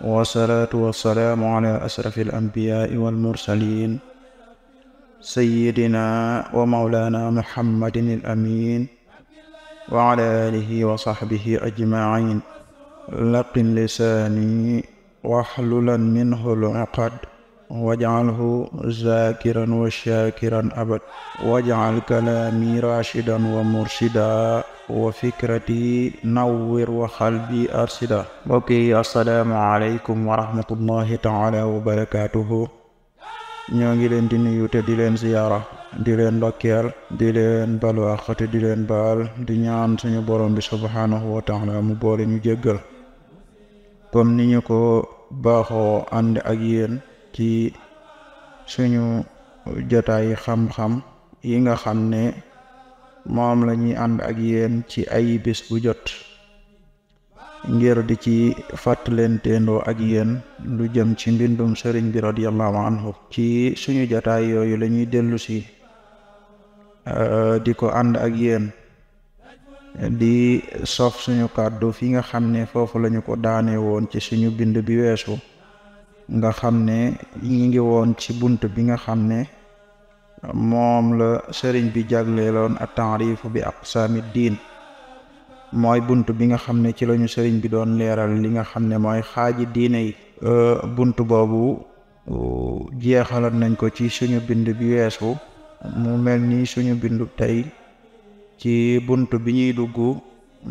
wasalaatu wasalaamu ala ashrafi alambiyaai walmursalin sayidina wa maulana muhammadin alamin wa ala alihi wa saxbihi ajmain laqin lisaani waxlulan minhu luqad waj'alhu zaakiran wa shaakiran abad waj'al kalaami raashidan wa murshida wa fikrati nawwir wa xalbi arsida mbokk yi assalaamu aleykum wa rahmatullahi taala wa barakaatuhu ñoo ngi leen di nuyu te di leen ziyaara di leen ndokkeel di leen balu àq di leen baal di ñaan suñu borom bi subhaanahu wa taala mu boole ñu jéggal comme ni ñu ko baaxo ànd ak yéen ci suñu jotaayi xam-xam yi nga xam ne moom lañuy ànd ak yéen ci ay bés bu jot ngir di ci fàttalenteendoo ak yéen lu jëm ci mbindum sëriñ bi radiallahu anhu ci suñu jotaay yooyu lañuy dellusi di ko ànd ak yéen di sof suñu kàddu fi nga xam ne foofu lañu ko daane ci suñu bind bi weesu nga xam ne ñi ngi woon ci bunt bi nga xam ne moom la sëriñ bi jagleeloon a taarifu bi aqsaami diin mooy bunt bi nga xam ne ci lañu sëriñ bi doon leeral li nga xam ne mooy xaaji diine yi euh, bunt boobu euh, jeexaloon nañ ko ci suñu bind bi weesu mu mel ni suñu bindu tey ci bunt bi ñuy dugg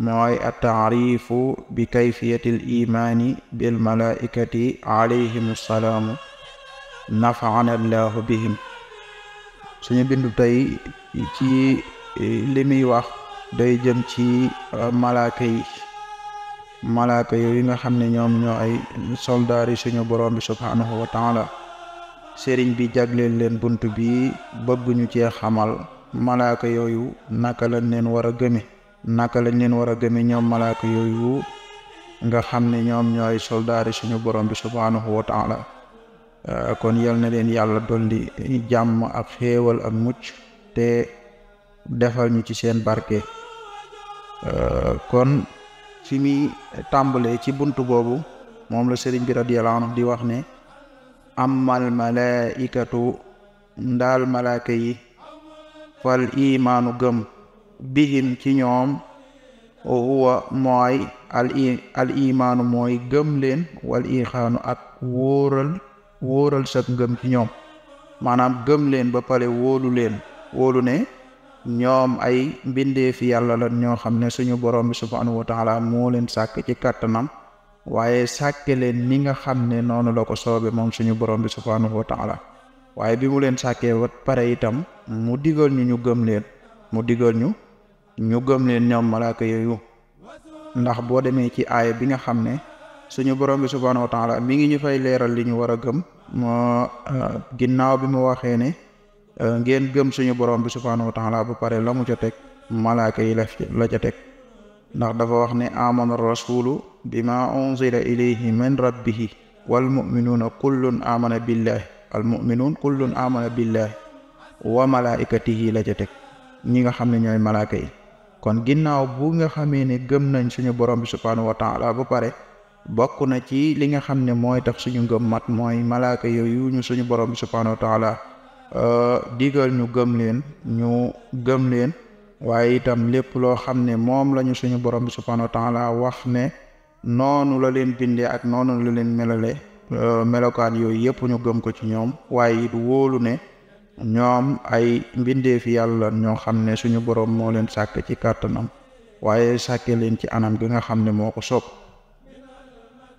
mooy attaarifu bi kayfiyati l imaani bil malaikati alayhim assalaamu nafaana allahu bihim suñu bindu tey ci e, li muy wax day jëm ci e, malaaka yi malaaka yooyu nga xam ne ñoom ñoo ay soldaar yi suñu borom bi subhaanahu wa sëriñ bi jagleel leen bunt bi bëgguñu cee xamal malaaka yooyu naka lañ leen war a gëme naka lañ leen war a gëme ñoom malaaka yooyu nga xam ne ñoom ñooy soldaari suñu borom bi subhaanahu wa la euh, kon yal na leen yàlla doon dolli jàmm ak xéewal ak mucc te defal ñu ci seen barke euh, kon fi muy tàmbalee ci bunt boobu moom la sëriñ bi radiyallahu di wax ne amal malaikatu ndaal malaaka yi fal imaanu gëm bihim ci ñoom huwa mooy al i al imaanu mooy gëm leen wal ixaanu ak wóoral wóoral sa ngëm ci ñoom maanaam gëm leen ba pare wóolu leen wóolu ne ñoom ay mbindeef yàlla la ñoo xam ne suñu borom bi subhaanahu wa taala moo leen sàkk ci kàttanam waaye sàkke leen ni nga xam ne noonu la ko soobe moom suñu borom bi subhaanahu wa taala waaye bi mu leen sàkkee ba pare itam mu digal ñu ñu gëm leen mu digal ñu ñu gëm leen ñoom malaaka yooyu ndax boo demee ci aaya bi nga xam ne suñu borom bi subhaanahu wa mi ngi ñu fay leeral li ñu war a gëm moo euh, ginnaaw bi mu waxee ne euh, ngeen gëm suñu borom bi subhaanahu wa ba pare la mu ca teg malaaka yi la ca teg ndax dafa wax ne bi amana rasulu bima unzila ilayhi min rabbihi wal muminuuna kullun amana billahi al muminuun kullun amana billahi wa malaikatihi la ca teg ñi nga xam ne ñooy malaaka yi kon ginnaaw bu nga xamee ne gëm nañ suñu borom bi subhaanahu wa taala ba pare bokk na ci li nga xam ne mooy tax suñu ngëm mat mooy malaaka yooyu ñu suñu borom bi subhaanahu wa taala euh, digal ñu gëm leen ñu gëm leen waaye itam lépp loo xam ne moom lañu suñu borom bi subhaanahu wa taala wax ne noonu la leen bindee ak noonu la leen melale euh, melokaan yooyu yëpp ñu gëm ko ci ñoom waaye it wóolu ne ñoom ay mbindeefi yàlla ñoo xam ne suñu boroom moo leen sàkk ci kàttanam waaye sàkke leen ci anam gi nga xam ne moo ko soob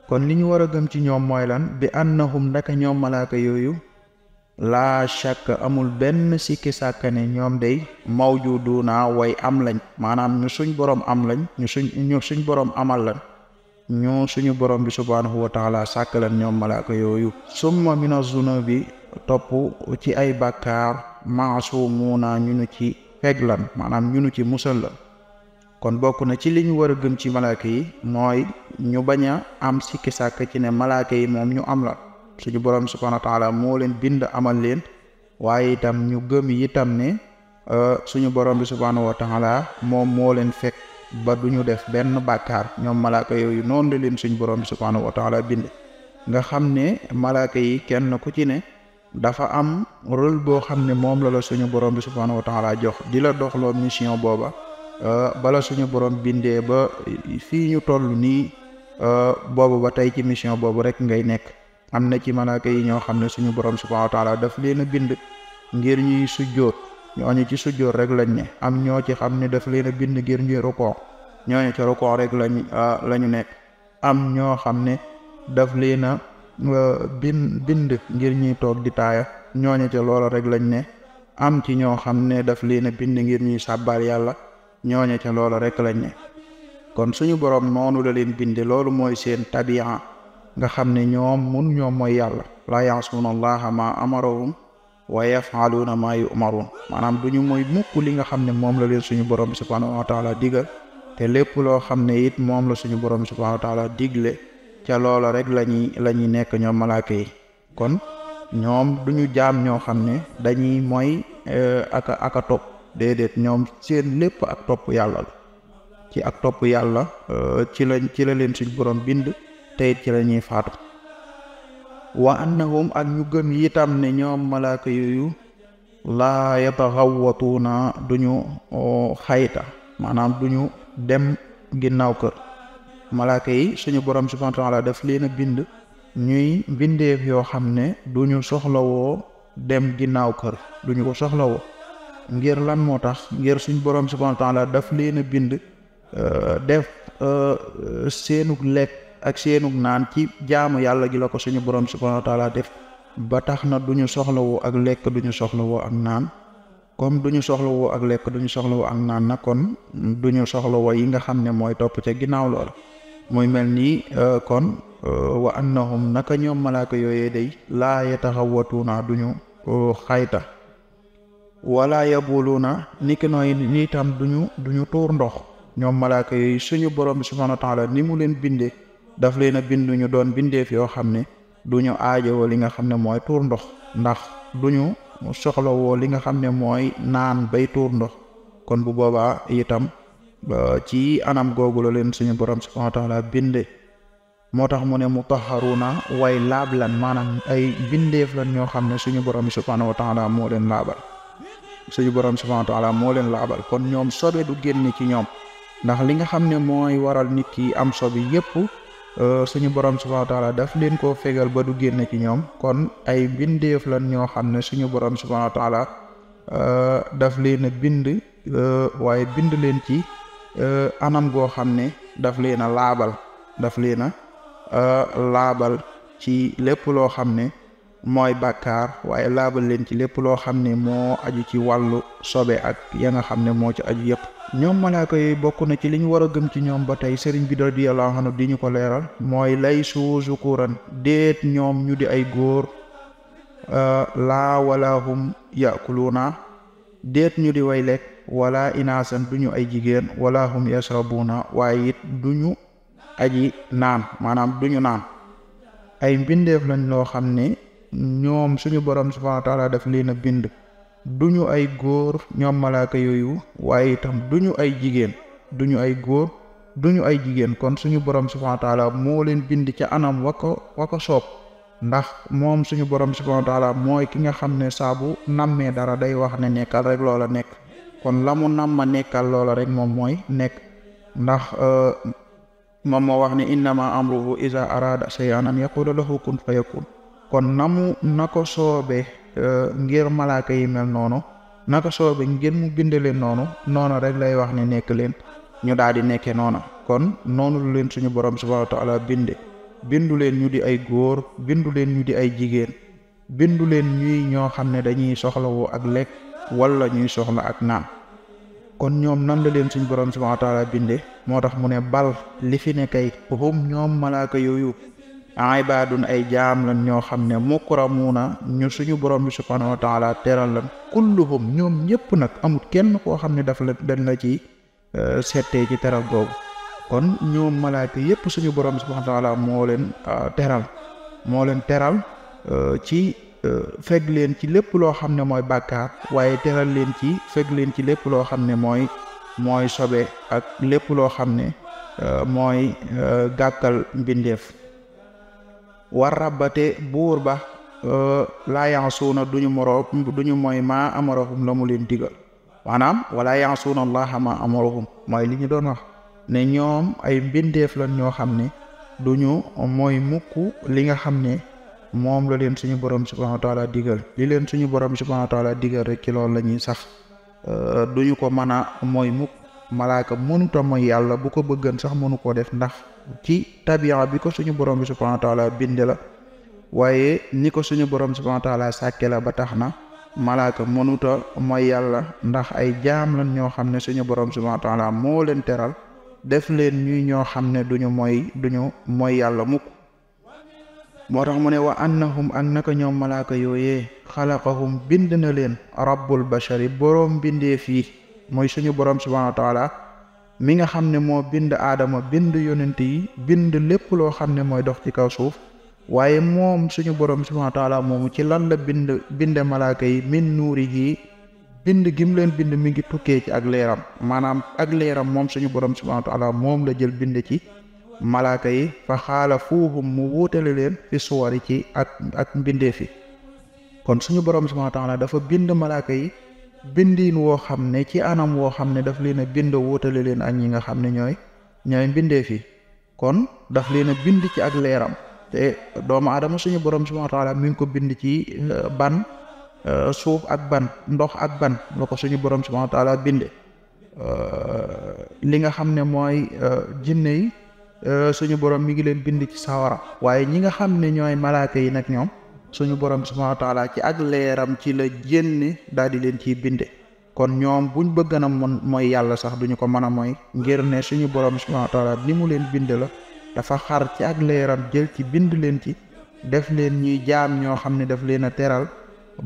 kon li ñu war a gëm ci ñoom mooy lan bi annahum ndaka ñoom malaaka yooyu laa shakk amul benn sikki sàkk ne ñoom day mawjuduuna way am lañ maanaam suñ boroom am lañ suñ suñ boroom amal lañ ñu suñu boroom bi subhaanahu wa taala ñoom malaaka yooyu summa mina zunubi topp ci ay bàkkaar maasumuuna ñu nu ci feglan maanaam ñu nu ci musal la kon bokk na ci li ñu war a gëm ci malaaka yi mooy ñu bañ a am sikki sàkk ci ne malaaka yi moom ñu am la suñu borom subhaana wa taala moo leen bind amal leen waaye itam ñu gëm itam ne euh, suñu borom bi subhaana wa taala moom moo leen fekk ba du ñu def benn bàkkaar ñoom malaaka yooyu noonu leen suñu borom bi subhaana wa taala bind nga xam ne malaaka yi kenn ku ci ne dafa am rôle boo xam ne moom la la suñu borom bi subhaanahu wa taala jox di la doxloo mission booba euh, bala suñu borom bindee ba fii ñu toll nii euh, boobu ba tey ci mission boobu rek ngay nekk am na ci malaaka yi ñoo xam ne suñu borom subhaanahu wa taala daf leen bind ngir ñuy sujjóot ñooñu ci sujjóot rek lañ ne am ñoo ci xam ne daf leen bind ngir ñuy rukoo ñooñu ci rek lañ euh, la nekk am ñoo xam ne daf leen a bin bind ngir ñuy toog di taaya ñooñu ca loola rek lañ ne am ci ñoo xam ne daf leen a bind ngir ñuy sàbbaal yàlla ñooñu ca loola rek lañ ne kon suñu borom noonu la leen bind loolu mooy seen tabian nga xam ne ñoom mun ñoom mooy yàlla laa yasuuna allaha ma amarahum wa na maa yumaruun maanaam du ñu mooy mukk li nga xam ne moom la leen suñu borom bi subhaanahu wa digal te lépp loo xam ne it moom la suñu borom bi subhaanahu wa digle ca loola rek lañuy nekk ñoom malaaka yi kon ñoom duñu jaam ñoo xam ne dañuy mooy eh, aka aka topp déedéet ñoom seen lépp ak topp yàlla la ci ak topp yàlla eh, ci lañ ci la leen suñ borom bind teyit ci la ñuy faatu wa annahum ak ñu gën itam ne ñoom malaaka yooyu laa yataxawwatuuna duñu oh, xayta maanaam ñu dem ginnaaw kër malaaka yi suñu borom subhaanahu wa taala daf leen bind ñuy bindeef yoo xam ne du ñu soxlawoo dem ginnaaw kër duñu ko soxlawoo ngir lan moo tax ngir suñu borom subhaanahu wa taala daf leen a bind euh, def euh, seenug lekk ak seenuk naan ci jaamu yàlla gi la ko suñu borom subhaanahu wa taala def ba tax na duñu soxlawoo ak lekk duñu ñu soxlawoo ak naan comme du ñu soxlawoo ak lekk du ñu soxlawoo ak naan na kon duñu ñu soxlawoo yi nga xam ne mooy topp ca ginnaaw loola. muy mel nii euh, kon euh, wa annahum naka ñoom malaaka yooyee day laa naa duñu euh, xayta wala na niki nooy ni tam duñu duñu tuur ndox ñoom malaaka yooyu suñu borom bi subhaanahu wa taala ni mu leen bindee daf leen a bind ñu doon bindeef yoo xam ne duñu aajowoo li nga xam ne mooy tuur ndox ndax duñu soxlawoo li nga xam ne mooy naan bay tuur ndox kon bu boobaa itam ci anam googu la leen suñu borom subhaanahu wa taala binde moo tax mu ne mu na way laab lan maanaam ay bindeef lan ñoo xam ne suñu borom subhaanahu wa taala moo leen laabal suñu borom subhaanahu wa moo leen laabal kon ñoom sobe du génn ci ñoom ndax li nga xam ne mooy waral nit ki am sobe yépp euh, suñu borom subhaanahu wa daf leen koo fegal ba du génn ci ñoom kon ay bindeef lan ñoo xam ne suñu borom subhaanahu wa euh, daf leen bind euh, waaye bind leen ci. Euh, anam goo xam ne daf leen a laabal daf leen a euh, laabal ci lépp loo xam ne mooy bàkkaar waaye laabal leen ci lépp loo xam ne moo aju ci wàllu sobe ak ya nga xam ne moo ci aju yépp ñoom malaaka yooyu bokk na ci li ñu war a gëm ci ñoom ba tey sëriñ bi radiyallahu anhu di ñu ko leeral mooy lay suu zukuran déet ñoom ñu di ay góor euh, laa walahum yakuluuna déet ñu di way lekk wala inaasan du ay jigéen wala hum yasrabuuna waaye it duñu ñu aji naan maanaam du naan ay mbindeef lañ loo xam ne ñoom suñu borom subhaanahu wa taala daf leen bind duñu ay góor ñoom malaaka yooyu waaye itam duñu ay jigéen duñu ay góor duñu ay jigéen kon suñu borom subhaanahu wa taala moo leen bind ca anam wa ko soob ndax moom suñu borom subhaanahu wa taala mooy ki nga xam ne saabu nammee dara day wax ne nekkal rek loola nekk kon la mu nam ma nekkal loola rek moom mooy nekk ndax euh, moom moo wax ne innama amruhu iza arada shay'an an yaqula lahu kun fayakun kon namu na ko soobe euh, ngir malaaka yi mel noonu na ko soobe ngir mu binde leen noonu noonu rek lay wax ni nekk leen ñu daal di nekkee noona kon noonu leen suñu borom subhanahu wa taala binde bindu leen ñu di ay góor bindu leen ñu di ay jigéen bindu leen ñuy ñoo xam ne dañuy soxlawu ak lekk wala ñuy soxla ak naan kon ñoom nan la leen suñ borom subhanahu wa taala bindee moo tax mu ne bal li fi ne kay hum ñoom malaaka yooyu ibaadun ay jaam lan ñoo xam ne na ñu suñu borom bi subhanahu wa taala teral lan kulluhum ñoom ñëpp nag amul kenn koo xam ne daf la dañ la ci euh, settee ci teral googu kon ñoom malaaka yëpp suñu borom bi subhanahu wa taala leen euh, teral moo leen teral euh, ci Euh, fegg leen ci lépp loo xam ne mooy bàkkaar waaye teral leen ci fegg leen ci lépp loo xam ne mooy mooy sobe ak lépp loo xam ne euh, mooy euh, gàkkal mbindeef war rabbate buur ba laa yansuuna duñu moro duñu moy maa amarahum la mu leen digal maanaam wala yansuuna allaha ma amarahum mooy li ñu doon wax ne ñoom ay mbindeef la ñoo xam ne duñu mooy mukk li nga xam ne moom la leen suñu borom subhanahu wa digal li leen suñu borom subhanahu wa taala digal rek ci loolu la ñuy sax euh, du ñu ko mën a mooy mukk malaaka mënuta mooy yàlla bu ko bëggan sax mënu koo def ndax ci tabiya bi ko suñu borom bi subhanahu wa taala binde la waaye ni ko suñu borom subhanahu wa taala sàkke la ba tax na malaaka mënuta mooy yàlla ndax ay jaam lan ñoo xam ne suñu borom subhanahu wa taala moo leen teral def leen ñuy ñoo xam ne duñu mooy duñu mooy yàlla mukk moo tax mu ne wa annahum ak naka ñoom malaaka yooyee xalaqahum bind na leen rabbul bashari boroom bindee fii mooy suñu boroom subhaanahu wa mi nga xam ne moo bind aadama bind yonent yi bind lépp loo xam ne mooy dox ci kaw suuf waaye moom suñu boroom subhaanahu wa taala moomu ci lan la bind binde malaaka yi min nuuri yi bind gim leen bind mi ngi tukkee ci ak leeram maanaam ak leeram moom suñu boroom subhaanahu wa moom la jël bind ci malaaka yi fa xaala fuuhum mu wuutale leen fi yi ci ak ak mbindeef yi kon suñu borom subhaanahu wa dafa bind malaaka yi bindiin woo xam ne ci anam woo xam ne daf leen a bind wuutale leen ak ñi nga xam ne ñooy ñooy mbindeef yi kon daf leen bind ci ak leeram te doomu aadama suñu borom subhaanahu wa taala mi ngi ko bind ci euh, ban euh, suuf ak ban ndox ak ban la ko suñu borom subhaanahu wa taala binde euh, li nga xam ne mooy jinne yi Euh, suñu borom mi ngi leen bind ci sawara waaye ñi nga xam ne ñooy malaaka yi nag ñoom suñu borom subhaanahu wa ci ak leeram ci la jénne daal di leen ciy binde kon ñoom buñ bëgg na mon mooy yàlla sax duñu ko mën a mooy ngir suñu borom subhaanahu ni mu leen bind la dafa xar ci ak leeram jël ci bind leen ci def leen ñuy jaam ñoo xam ne daf leen a teral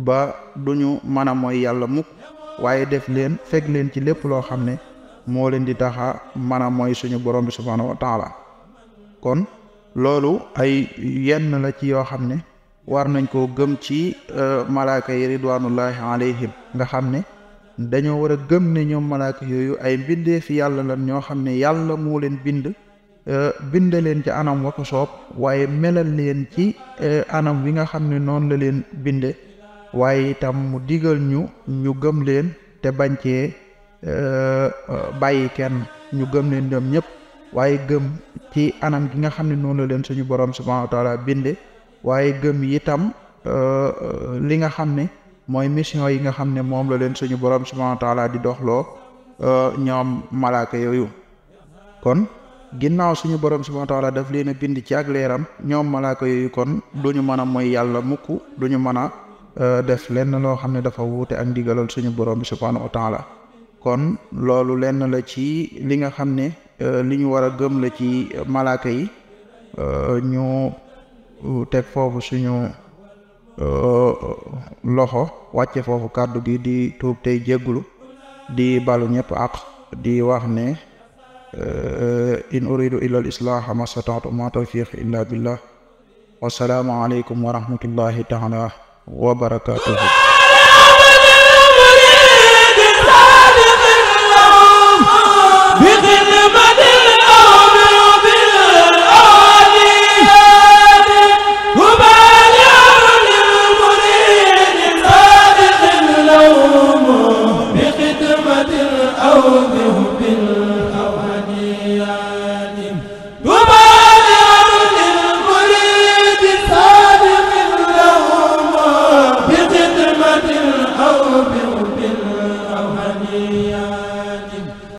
ba duñu mën a mooy yàlla mukk waaye def leen fekk leen ci lépp loo xam ne moo leen di taxa mën a mooy suñu borom bi subhaanahu wa kon loolu ay yenn la ci yoo xam ne war nañ koo gëm ci euh, malaaka yi ridwanullahi alayhim nga xam ne dañoo war a gëm ne ñoom malaaka yooyu ay mbindeef yàlla lan ñoo xam ne yàlla moo leen bind euh, bind leen ci anam wa ko soob waaye melal leen ci euh, anam wi nga xam ne noonu la leen binde waaye itam mu digal ñu ñu gëm leen te bañ cee bàyyi kenn ñu gëm leen doom ñëpp waaye gëm ci anam gi nga xam ne noonu la leen suñu borom subhanahu wa taala binde waaye gëm itam euh, euh, li nga xam ne mooy mission yi nga xam ne moom la leen suñu borom subhanahu wa taala di doxloo euh, ñoom malaaka yooyu kon ginnaaw suñu borom subhanahu wa taala daf leen a bind ci ak leeram ñoom malaaka yooyu kon duñu mën a mooy yàlla mukk duñu mën a def lenn loo xam ne dafa wuute ak ndigalal suñu borom bi subhanahu wa taala kon loolu lenn la ci li nga xam ne euh, li ñu war a gëm la ci malaaka yi euh, ñu euh, teg foofu suñu loxo wàcce foofu kàddu gi di tuub tey jégglu di balu ñëpp ak di wax ne in uridu illa al islaaha ma stataatu ma tawfiq illa billah wasalaamu aleykum wa rahmatullahi taala bi